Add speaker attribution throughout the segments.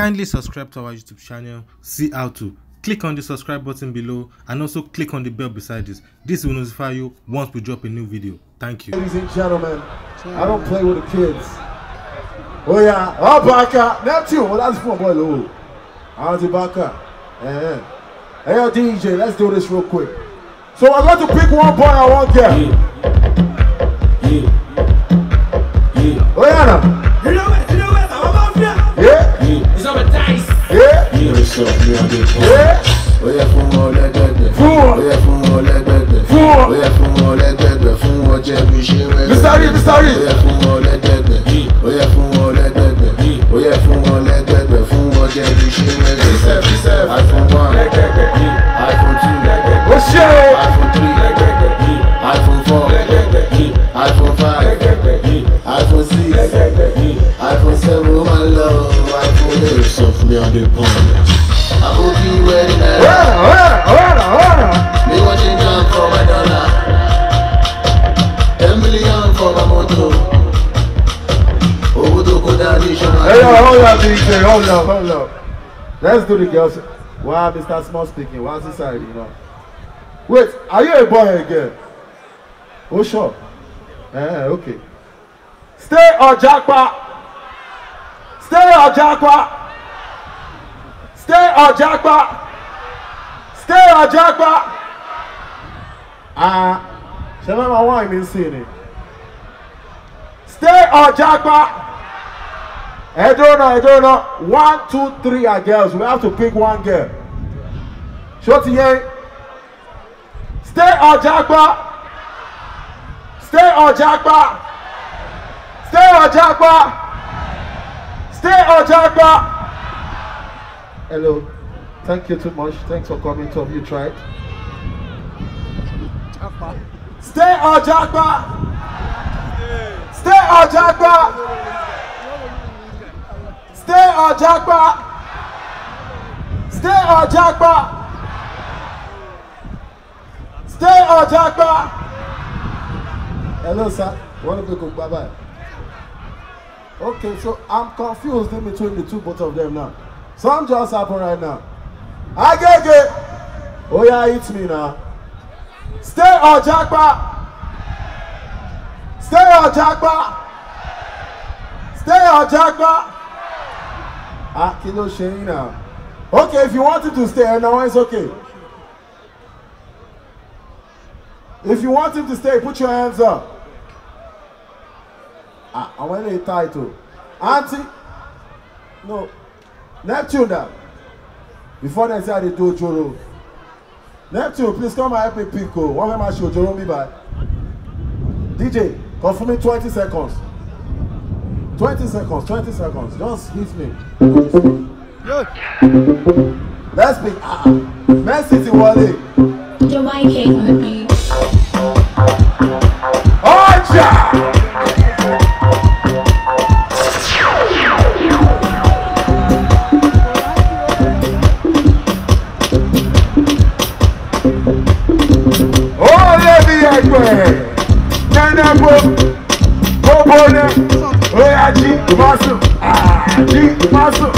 Speaker 1: Kindly subscribe to our YouTube channel, see how to. Click on the subscribe button below and also click on the bell beside this. This will notify you once we drop a new video. Thank you. Ladies and gentlemen, I don't play with the kids. Oh yeah, oh Baka, Neptune, well that's for boy low. How's it Baka? Hey, DJ, let's do this real quick. So I'd like to pick one boy and one girl. Yeah. hold up, hold up. Let's do the girls. Why, Mr. Small speaking? Why this side, you know? Wait, are you a boy again? Oh, sure. Eh, okay. Stay or Jackpa. Stay or Jackpa. Stay or Jackpa. Stay or Jackpa. Ah, uh, ṣe máa wá ìmísí ni. Stay or Jackpa. Edona, Edona. One, two, three are ah, girls. We have to pick one girl. Shotiye. Stay Ojakpa. Stay Ojakpa. Stay Ojakpa. Stay Ojakpa. Hello. Thank you too much. Thanks for coming to you tried. Stay Ojakpa. Stay Ojakpa. Stay Ojakpa. Stay or Ojakpa. Stay or Ojakpa. Stay or Ojakpa. Hello, sir. One of the cook, bye bye. Okay, so I'm confused in between the two both of them now. Something just happened right now. I get it. Oh yeah, it's me now. Stay or Ojakpa. Stay or Ojakpa. Stay or Ojakpa. Ah, kí ló now. Okay, if you wanted to stay, now it's okay. If you want him to stay, put your hands up. Ah, I want a title. Auntie, no, Neptune now. Before they say they do Joro. Neptune, please come and help me pick. One man show Joro me back. DJ, confirm me 20 seconds. 20 seconds, 20 seconds. Just hit me. Look. Let's be. Ah, ah. Messi ti wọlé. Your mic ain't on the beat. Ọjà! Oyè bí go nánà gbó muscle, ah, G muscle,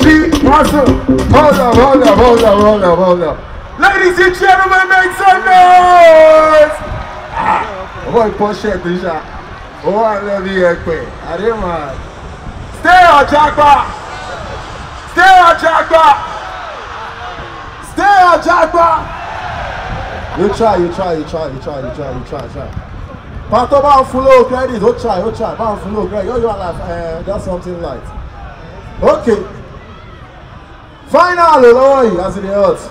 Speaker 1: G muscle. Hold up, hold up, hold up, hold up, hold up. Ladies and gentlemen, make some noise! Ah, oi, pochette déjà. Oh, I love you, Ekwe. Allez, man. Stay on jackpot. Stay on jackpot. Stay on jackpot. You try, you try, you try, you try, you try, you try, try. pàtó bá ń fún lówó credit ó try ó try bá ń fún lówó credit yóò yọ àlà that's something light Okay. final lọ́wọ́ yìí as it dey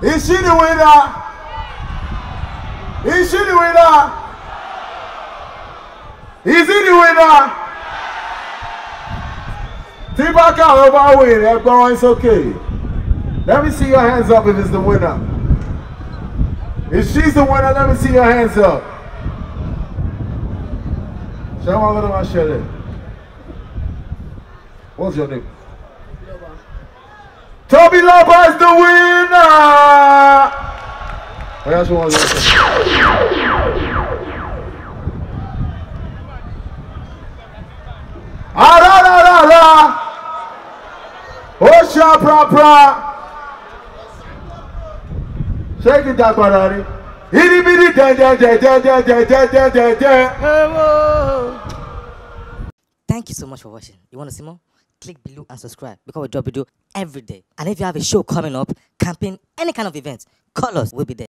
Speaker 1: Is she the winner? Is she the winner? Is he the winner? Tí Bákàrọ̀ bá win, ẹ gbọ́rọ̀ it's okay. Let me see your hands up if it's the winner. If she's the winner, let me see your hands up. Show my little máa What's your name? Toby Lopez the winner! What else was Ara ah, ra ra ra! Osha oh, pra pra! Shake it Ṣé kí n ta padà rí? Iribiri dẹ̀dẹ̀dẹ̀dẹ̀dẹ̀dẹ̀dẹ̀dẹ̀dẹ̀. Thank you so much for watching. You wanna see more? click below and subscribe because we drop video every day. And if you have a show coming up, camping, any kind of event, call us. We'll be there.